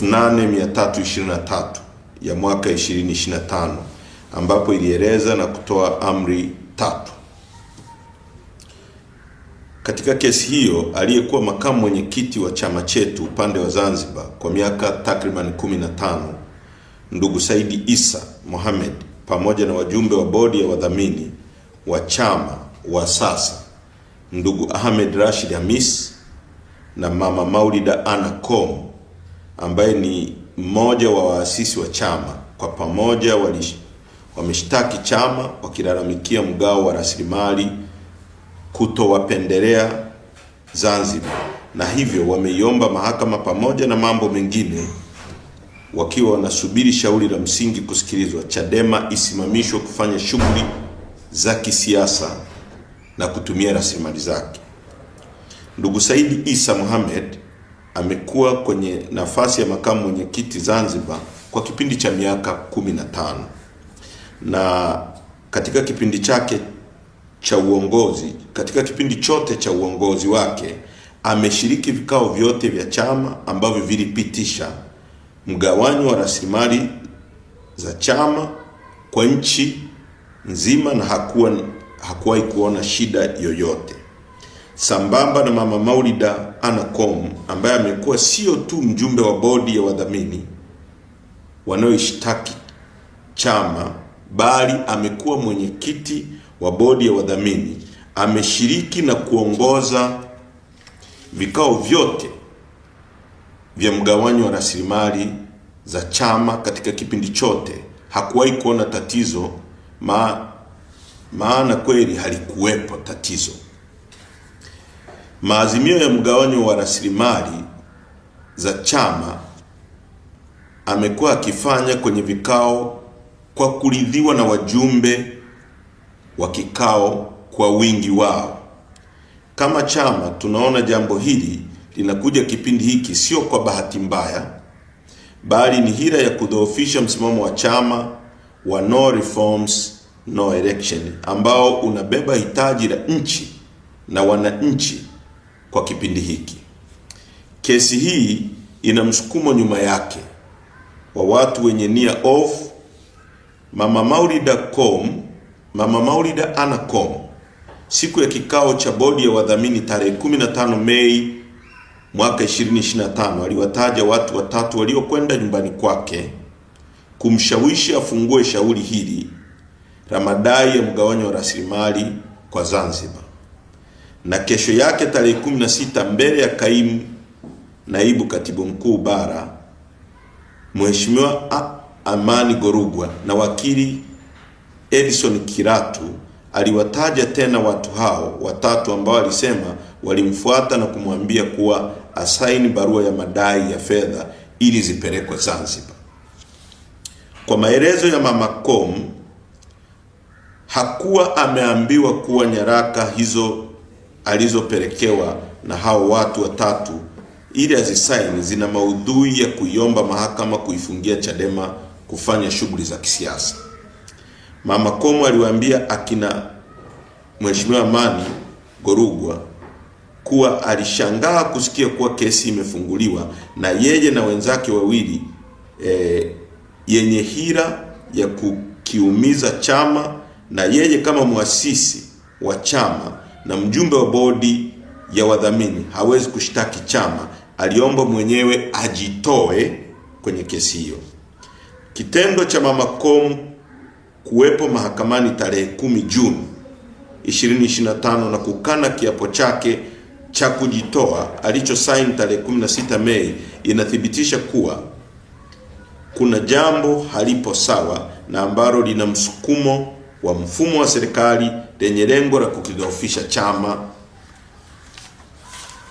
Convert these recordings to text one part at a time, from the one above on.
8323 ya mwaka 2025 ambapo ilieleza na kutoa amri tatu. Katika kesi hiyo, aliyekuwa makamu mwenyekiti wa chama chetu upande wa Zanzibar kwa miaka takribani 15 ndugu Saidi Isa Mohamed pamoja na wajumbe wa bodi ya wadhamini wa chama wa sasa ndugu Ahmed Rashid Hamis na mama Maulida Anacom ambaye ni mmoja wa waasisi wa chama, kwa pamoja wameshtaki chama wakilalamikia mgao wa rasilimali kutowapendelea Zanzibar, na hivyo wameiomba mahakama pamoja na mambo mengine wakiwa wanasubiri shauri la msingi kusikilizwa, Chadema isimamishwe kufanya shughuli za kisiasa na kutumia rasilimali zake. Ndugu Saidi Isa Mohamed amekuwa kwenye nafasi ya makamu mwenyekiti Zanzibar kwa kipindi cha miaka kumi na tano na katika kipindi chake cha uongozi, katika kipindi chote cha uongozi wake ameshiriki vikao vyote vya chama ambavyo vilipitisha mgawanyo wa rasilimali za chama kwa nchi nzima na hakuwa hakuwahi kuona shida yoyote sambamba na mama Maulida Anacom ambaye amekuwa sio tu mjumbe wa bodi ya wadhamini wanaoishtaki chama bali amekuwa mwenyekiti wa bodi ya wadhamini. Ameshiriki na kuongoza vikao vyote vya mgawanyo wa rasilimali za chama katika kipindi chote. Hakuwahi kuona tatizo ma, maana kweli halikuwepo tatizo maazimio ya mgawanyo wa rasilimali za chama amekuwa akifanya kwenye vikao kwa kuridhiwa na wajumbe wa kikao kwa wingi wao. Kama chama tunaona jambo hili linakuja kipindi hiki sio kwa bahati mbaya, bali ni hila ya kudhoofisha msimamo wa chama wa no reforms no election ambao unabeba hitaji la nchi na wananchi kwa kipindi hiki. Kesi hii ina msukumo nyuma yake wa watu wenye nia of Mama Maulida Com, Mama Maulida anacom siku ya kikao cha bodi ya wadhamini tarehe 15 Mei mwaka 2025 aliwataja watu watatu waliokwenda nyumbani kwake kumshawishi afungue shauri hili la madai ya mgawanyo wa rasilimali kwa Zanzibar na kesho yake tarehe sita mbele ya kaimu naibu katibu mkuu bara Mheshimiwa Amani Gorugwa na wakili Edison Kiratu aliwataja tena watu hao watatu ambao alisema walimfuata na kumwambia kuwa asaini barua ya madai ya fedha ili zipelekwe Zanzibar. Kwa maelezo ya Mama Kom, hakuwa ameambiwa kuwa nyaraka hizo alizopelekewa na hao watu watatu ili azisaini zina maudhui ya kuiomba mahakama kuifungia Chadema kufanya shughuli za kisiasa. Mama Komo aliwaambia akina Mheshimiwa mani Gorugwa kuwa alishangaa kusikia kuwa kesi imefunguliwa na yeye na wenzake wawili e, yenye hira ya kukiumiza chama na yeye kama mwasisi wa chama na mjumbe wa bodi ya wadhamini hawezi kushtaki chama, aliomba mwenyewe ajitoe kwenye kesi hiyo. Kitendo cha Mama Komu kuwepo mahakamani tarehe 10 Juni 2025 na kukana kiapo chake cha kujitoa sign tarehe 16 Mei inathibitisha kuwa kuna jambo halipo sawa na ambalo lina msukumo wa mfumo wa serikali lenye lengo la kukidhoofisha chama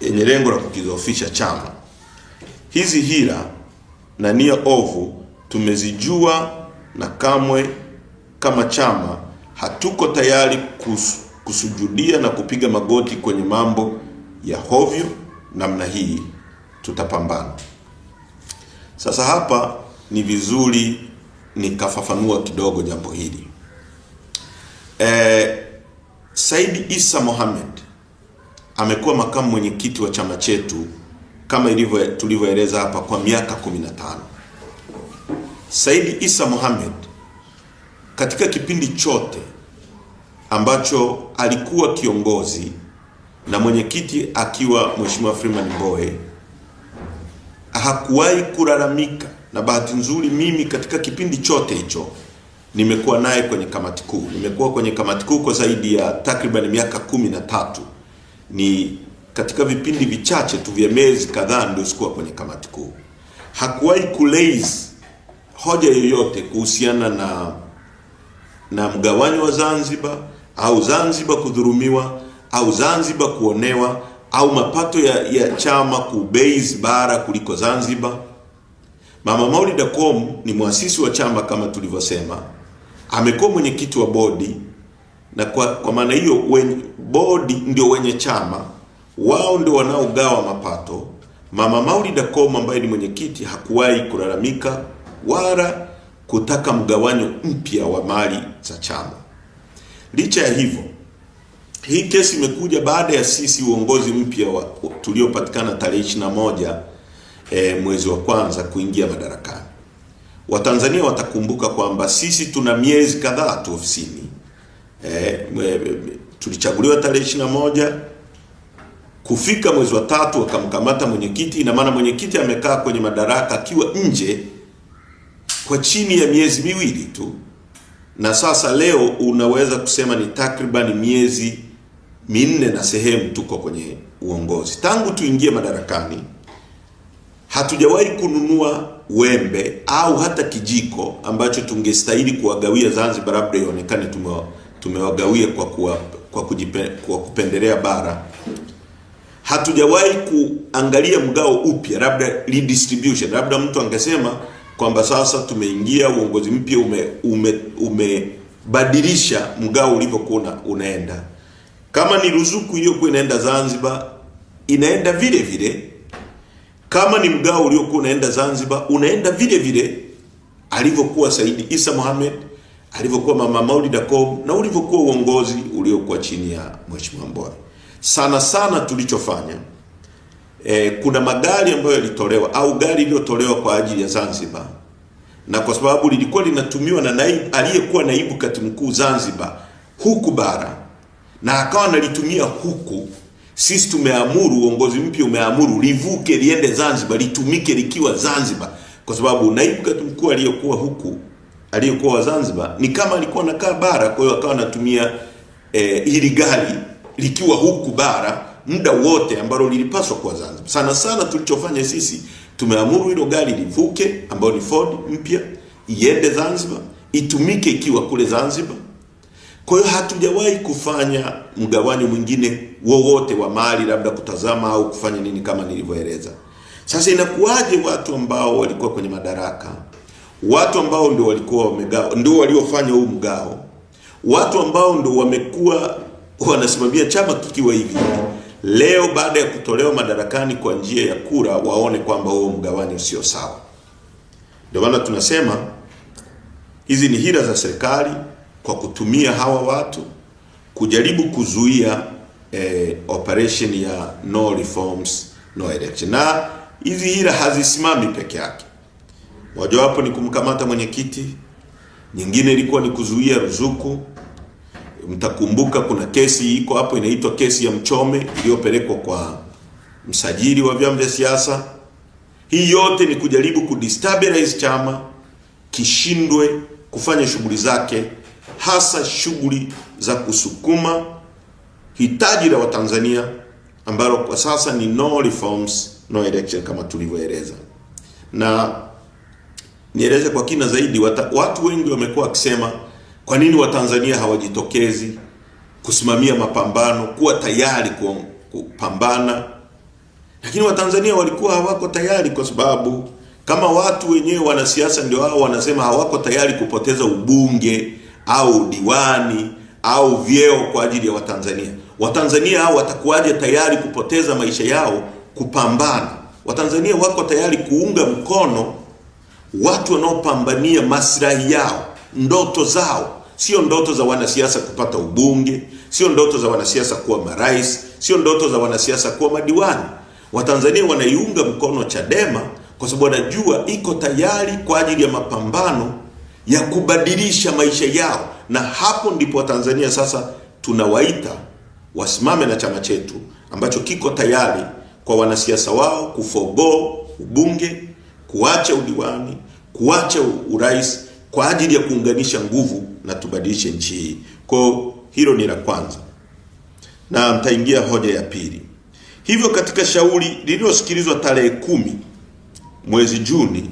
yenye lengo la kukidhoofisha chama. Hizi hila na nia ovu tumezijua, na kamwe kama chama hatuko tayari kus, kusujudia na kupiga magoti kwenye mambo ya hovyo namna hii. Tutapambana. Sasa hapa ni vizuri nikafafanua kidogo jambo hili eh, Said Isa Mohamed amekuwa makamu mwenyekiti wa chama chetu kama ilivyo tulivyoeleza hapa kwa miaka 15. Said Isa Mohamed katika kipindi chote ambacho alikuwa kiongozi na mwenyekiti akiwa Mheshimiwa Freeman Mbowe hakuwahi kulalamika, na bahati nzuri mimi katika kipindi chote hicho nimekuwa naye kwenye kamati kuu. Nimekuwa kwenye kamati kuu kwa zaidi ya takriban miaka kumi na tatu. Ni katika vipindi vichache tu vya miezi kadhaa ndio sikuwa kwenye kamati kuu. Hakuwahi kulaze hoja yoyote kuhusiana na na mgawanyo wa Zanzibar au Zanzibar kudhurumiwa au Zanzibar kuonewa au mapato ya, ya chama kubase bara kuliko Zanzibar. Mama Maulida Komu ni mwasisi wa chama kama tulivyosema amekuwa mwenyekiti wa bodi na kwa, kwa maana hiyo bodi ndio wenye chama wao ndio wanaogawa mapato. Mama Maulida Koma ambaye ni mwenyekiti hakuwahi kulalamika wala kutaka mgawanyo mpya wa mali za chama. Licha ya hivyo, hii kesi imekuja baada ya sisi uongozi mpya tuliopatikana tarehe 21 e, eh, mwezi wa kwanza kuingia madarakani. Watanzania watakumbuka kwamba sisi tuna miezi kadhaa tu ofisini. eh, tulichaguliwa tarehe ishirini na moja kufika mwezi wa tatu wakamkamata mwenyekiti. Ina maana mwenyekiti amekaa kwenye madaraka akiwa nje kwa chini ya miezi miwili tu, na sasa leo unaweza kusema ni takriban miezi minne na sehemu tuko kwenye uongozi. Tangu tuingie madarakani hatujawahi kununua wembe au hata kijiko ambacho tungestahili kuwagawia Zanzibar, labda ionekane tumewagawia kwa, kuwa, kwa, kujipe, kwa kupendelea bara. Hatujawahi kuangalia mgao upya, labda redistribution, labda mtu angesema kwamba sasa tumeingia uongozi mpya umebadilisha ume, ume mgao ulivyokuwa unaenda. Kama ni ruzuku iliyokuwa inaenda Zanzibar, inaenda vile vile kama ni mgao uliokuwa unaenda Zanzibar, unaenda vile vile alivyokuwa Saidi Isa Mohamed, alivyokuwa Mama Maulida Komu na ulivyokuwa uongozi uliokuwa chini ya Mheshimiwa Mbowe. Sana sana tulichofanya e, kuna magari ambayo yalitolewa au gari iliyotolewa kwa ajili ya Zanzibar, na kwa sababu lilikuwa linatumiwa na naibu aliyekuwa naibu katibu mkuu Zanzibar huku bara, na akawa analitumia huku sisi tumeamuru, uongozi mpya umeamuru livuke liende Zanzibar, litumike likiwa Zanzibar, kwa sababu naibu katibu mkuu aliyekuwa huku aliyekuwa wa Zanzibar ni kama alikuwa anakaa bara, kwa hiyo akawa anatumia eh, hili gari likiwa huku bara muda wote ambalo lilipaswa kuwa Zanzibar. Sana sana tulichofanya sisi tumeamuru hilo gari livuke, ambayo ni Ford mpya, iende Zanzibar, itumike ikiwa kule Zanzibar kwa hiyo hatujawahi kufanya mgawanyo mwingine wowote wa mali, labda kutazama au kufanya nini kama nilivyoeleza. Sasa inakuwaje watu ambao walikuwa kwenye madaraka, watu ambao ndio walikuwa wamegao, ndio waliofanya huu mgao, watu ambao ndio wamekuwa wanasimamia chama kikiwa hivi leo baada ya kutolewa madarakani kwa njia ya kura waone kwamba huo mgawanyo sio sawa. Ndio maana tunasema hizi ni hila za serikali kwa kutumia hawa watu kujaribu kuzuia eh, operation ya no reforms no election. Na hizi hila hazisimami peke yake, mojawapo ni kumkamata mwenyekiti, nyingine ilikuwa ni kuzuia ruzuku. Mtakumbuka kuna kesi iko hapo inaitwa kesi ya Mchome iliyopelekwa kwa msajili wa vyama vya siasa. Hii yote ni kujaribu kudestabilize chama kishindwe kufanya shughuli zake hasa shughuli za kusukuma hitaji la Watanzania ambalo kwa sasa ni no reforms no election kama tulivyoeleza. Na nieleze kwa kina zaidi, watu wengi wamekuwa wakisema kwa nini Watanzania hawajitokezi kusimamia mapambano, kuwa tayari kupambana, lakini Watanzania walikuwa hawako tayari kwa sababu kama watu wenyewe wanasiasa ndio wao wanasema hawako tayari kupoteza ubunge au diwani au vyeo kwa ajili ya Watanzania. Watanzania hao watakuwaje tayari kupoteza maisha yao kupambana? Watanzania wako tayari kuunga mkono watu wanaopambania maslahi yao, ndoto zao, sio ndoto za wanasiasa kupata ubunge, sio ndoto za wanasiasa kuwa marais, sio ndoto za wanasiasa kuwa madiwani. Watanzania wanaiunga mkono Chadema kwa sababu wanajua iko tayari kwa ajili ya mapambano ya kubadilisha maisha yao, na hapo ndipo Watanzania sasa tunawaita wasimame na chama chetu ambacho kiko tayari kwa wanasiasa wao kufogo ubunge, kuacha udiwani, kuacha urais kwa ajili ya kuunganisha nguvu na tubadilishe nchi hii. Kwa hilo ni la kwanza, na mtaingia hoja ya pili. Hivyo katika shauri lililosikilizwa tarehe kumi mwezi Juni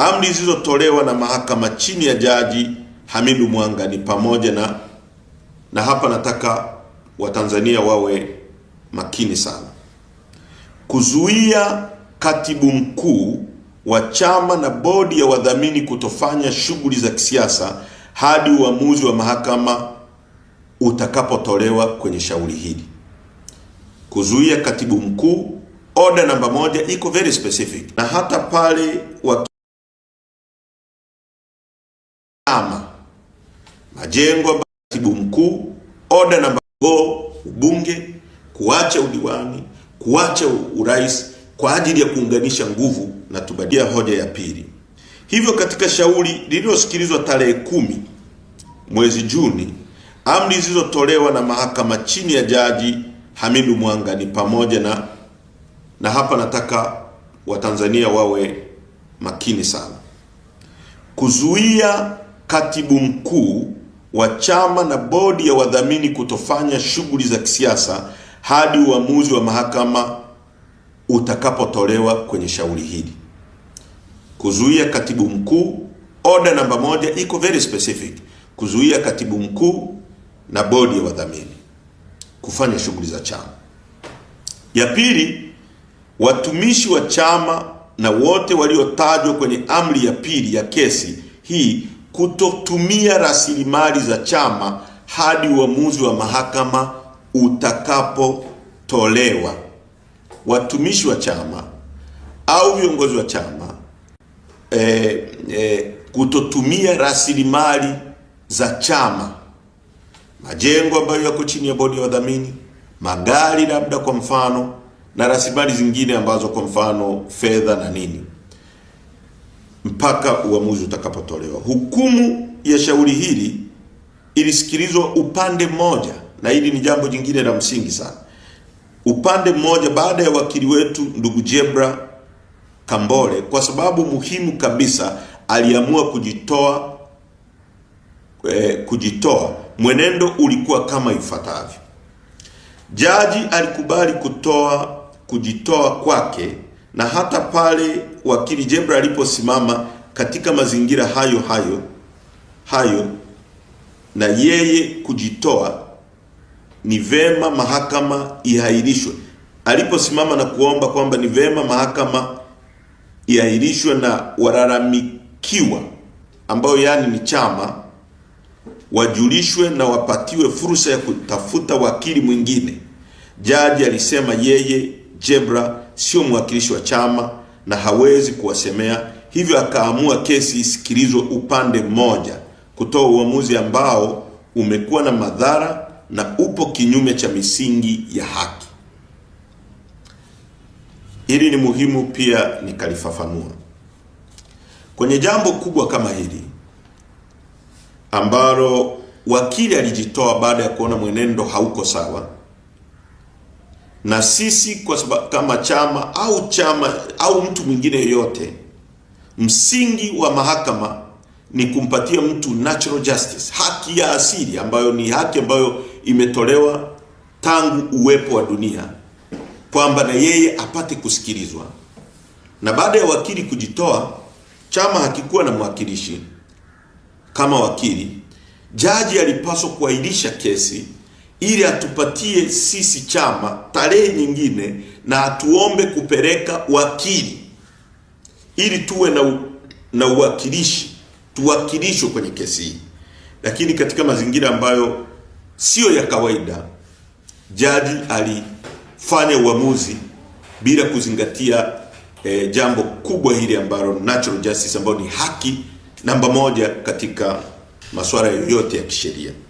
Amri zilizotolewa na mahakama chini ya Jaji Hamidu Mwanga ni pamoja na na hapa nataka Watanzania wawe makini sana, kuzuia katibu mkuu wa chama na bodi ya wadhamini kutofanya shughuli za kisiasa hadi uamuzi wa mahakama utakapotolewa kwenye shauri hili. Kuzuia katibu mkuu, oda namba moja iko very specific, na hata pale wak ama majengo ambayo katibu mkuu oda namba go ubunge kuacha udiwani kuacha urais kwa ajili ya kuunganisha nguvu, na tubadia hoja ya pili. Hivyo katika shauri lililosikilizwa tarehe kumi mwezi Juni, amri zilizotolewa na mahakama chini ya Jaji Hamidu Mwanga ni pamoja na, na hapa nataka Watanzania wawe makini sana kuzuia katibu mkuu wa chama na bodi ya wadhamini kutofanya shughuli za kisiasa hadi uamuzi wa mahakama utakapotolewa kwenye shauri hili. Kuzuia katibu mkuu, oda namba moja iko very specific, kuzuia katibu mkuu na bodi ya wadhamini kufanya shughuli za chama. Ya pili, watumishi wa chama na wote waliotajwa kwenye amri ya pili ya kesi hii kutotumia rasilimali za chama hadi uamuzi wa mahakama utakapotolewa. Watumishi wa chama au viongozi wa chama e, e, kutotumia rasilimali za chama, majengo ambayo yako chini ya bodi ya wadhamini, magari labda kwa mfano, na rasilimali zingine ambazo kwa mfano fedha na nini mpaka uamuzi utakapotolewa. Hukumu ya shauri hili ilisikilizwa upande mmoja, na hili ni jambo jingine la msingi sana, upande mmoja, baada ya wakili wetu ndugu Jebra Kambole, kwa sababu muhimu kabisa, aliamua kujitoa eh, kujitoa. Mwenendo ulikuwa kama ifuatavyo: jaji alikubali kutoa kujitoa kwake na hata pale wakili Jebra aliposimama katika mazingira hayo hayo hayo na yeye kujitoa, ni vema mahakama ihairishwe. Aliposimama na kuomba kwamba ni vema mahakama ihairishwe na wararamikiwa ambayo yani ni chama, wajulishwe na wapatiwe fursa ya kutafuta wakili mwingine, jaji alisema yeye Jebra sio mwakilishi wa chama na hawezi kuwasemea, hivyo akaamua kesi isikilizwe upande mmoja, kutoa uamuzi ambao umekuwa na madhara na upo kinyume cha misingi ya haki. Hili ni muhimu pia nikalifafanua. Kwenye jambo kubwa kama hili ambalo wakili alijitoa baada ya kuona mwenendo hauko sawa na sisi kwa sababu kama chama au chama au mtu mwingine yoyote, msingi wa mahakama ni kumpatia mtu natural justice, haki ya asili ambayo ni haki ambayo imetolewa tangu uwepo wa dunia, kwamba na yeye apate kusikilizwa. Na baada ya wakili kujitoa, chama hakikuwa na mwakilishi kama wakili, jaji alipaswa kuahirisha kesi ili atupatie sisi chama tarehe nyingine na atuombe kupeleka wakili ili tuwe na, na uwakilishi tuwakilishwe kwenye kesi hii, lakini katika mazingira ambayo siyo ya kawaida, jaji alifanya uamuzi bila kuzingatia e, jambo kubwa hili ambalo natural justice, ambayo ni haki namba moja katika masuala yoyote ya kisheria.